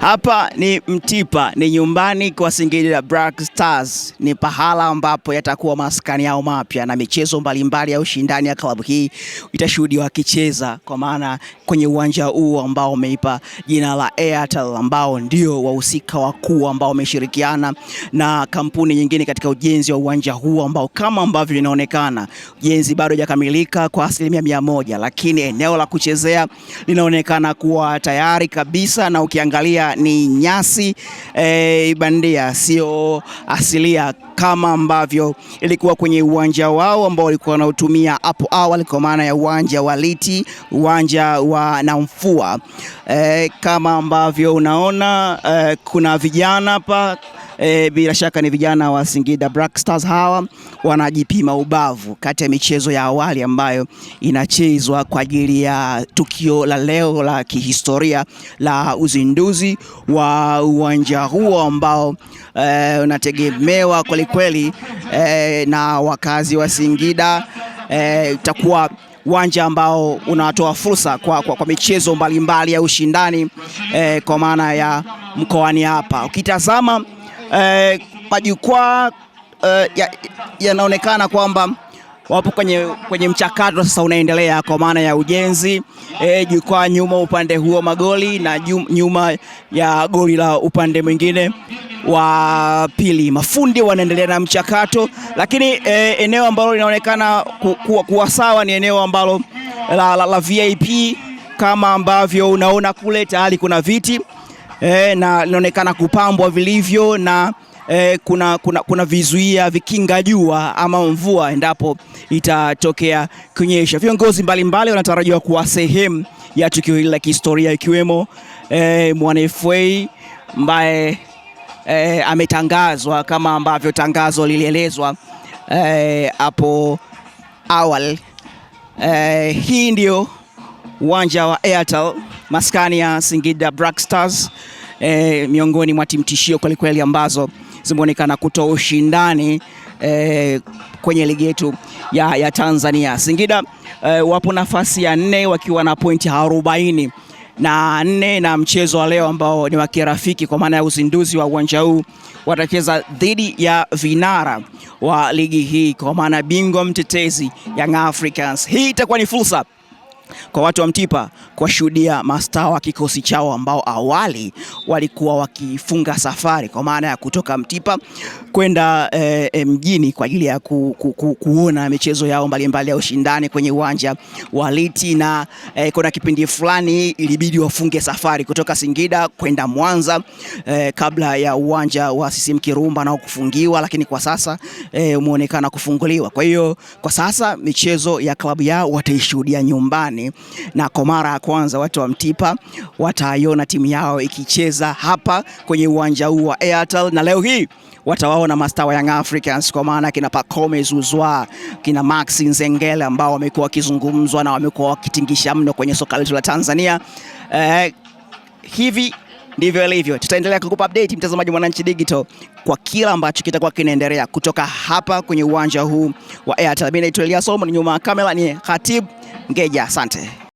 Hapa ni Mtipa, ni nyumbani kwa Singida Black Stars, ni pahala ambapo yatakuwa maskani yao mapya na michezo mbalimbali ya ushindani ya klabu hii itashuhudiwa akicheza, kwa maana kwenye uwanja huu ambao umeipa jina la Airtel, ambao ndio wahusika wakuu ambao wameshirikiana na kampuni nyingine katika ujenzi wa uwanja huu ambao kama ambavyo inaonekana ujenzi bado hajakamilika kwa asilimia mia moja, lakini eneo la kuchezea linaonekana kuwa tayari kabisa na ukiangalia ni nyasi e, bandia, sio asilia kama ambavyo ilikuwa kwenye uwanja wao ambao walikuwa wanaotumia hapo awali, kwa maana ya uwanja wa Liti, uwanja wa Namfua. E, kama ambavyo unaona e, kuna vijana hapa e, bila shaka ni vijana wa Singida Black Stars hawa wanajipima ubavu kati ya michezo ya awali ambayo inachezwa kwa ajili ya tukio la leo la kihistoria la uzinduzi wa uwanja huo ambao e, unategemewa kwelikweli e, eh, na wakazi wa Singida itakuwa e, uwanja ambao unatoa fursa kwa, kwa, kwa michezo mbalimbali ya ushindani e, kwa maana ya mkoani hapa ukitazama eh, majukwaa eh, yanaonekana ya kwamba wapo kwenye, kwenye mchakato sasa unaendelea kwa maana ya ujenzi eh, jukwaa nyuma upande huo magoli na nyuma ya goli la upande mwingine wa pili. Mafundi wanaendelea na mchakato, lakini eh, eneo ambalo linaonekana ku, ku, kuwa sawa ni eneo ambalo la, la, la VIP kama ambavyo unaona kule tayari kuna viti e, na linaonekana kupambwa vilivyo na e, kuna, kuna, kuna vizuia vikinga jua ama mvua endapo itatokea kunyesha. Viongozi mbalimbali wanatarajiwa kuwa sehemu ya tukio hili la kihistoria ikiwemo e, eh, Mwana FA ambaye e, ametangazwa kama ambavyo tangazo lilielezwa hapo e, awali. Eh, hii ndio uwanja wa Airtel maskani ya Singida Black Stars e, miongoni mwa timu tishio kwelikweli ambazo zimeonekana kutoa ushindani e, kwenye ligi yetu ya, ya Tanzania. Singida e, wapo nafasi ya nne wakiwa na pointi arobaini na nne na mchezo wa leo ambao ni wa kirafiki kwa maana ya uzinduzi wa uwanja huu watacheza dhidi ya vinara wa ligi hii kwa maana bingwa mtetezi Young Africans. Hii itakuwa ni fursa kwa watu wa Mtipa kuwashuhudia mastaa wa kikosi chao ambao awali walikuwa wakifunga safari kwa maana ya kutoka Mtipa kwenda eh, eh, mjini kwa ajili ya ku, ku, ku, kuona michezo yao mbalimbali ya ushindani kwenye uwanja wa Liti na eh, kuna kipindi fulani ilibidi wafunge safari kutoka Singida kwenda Mwanza eh, kabla ya uwanja wa CCM Kirumba nao kufungiwa, lakini kwa sasa eh, umeonekana kufunguliwa. Kwa hiyo kwa sasa michezo ya klabu yao wataishuhudia nyumbani, na kwa mara ya kwanza watu wa Mtipa wataiona timu yao ikicheza hapa kwenye uwanja huu wa Airtel na leo hii watawaona na masta wa Young Africans, kwa maana kina Pacome Zuzwa, kina Max Nzengele ambao wamekuwa wakizungumzwa na wamekuwa wakitingisha mno kwenye soka letu la Tanzania. Eh, hivi ndivyo ilivyo. Tutaendelea kukupa update mtazamaji Mwananchi Digital kwa kila ambacho kitakuwa kinaendelea kutoka hapa kwenye uwanja huu wa Airtel. Mimi naitwa Elias Omo, nyuma ya kamera ni Khatib Ngeja. Asante.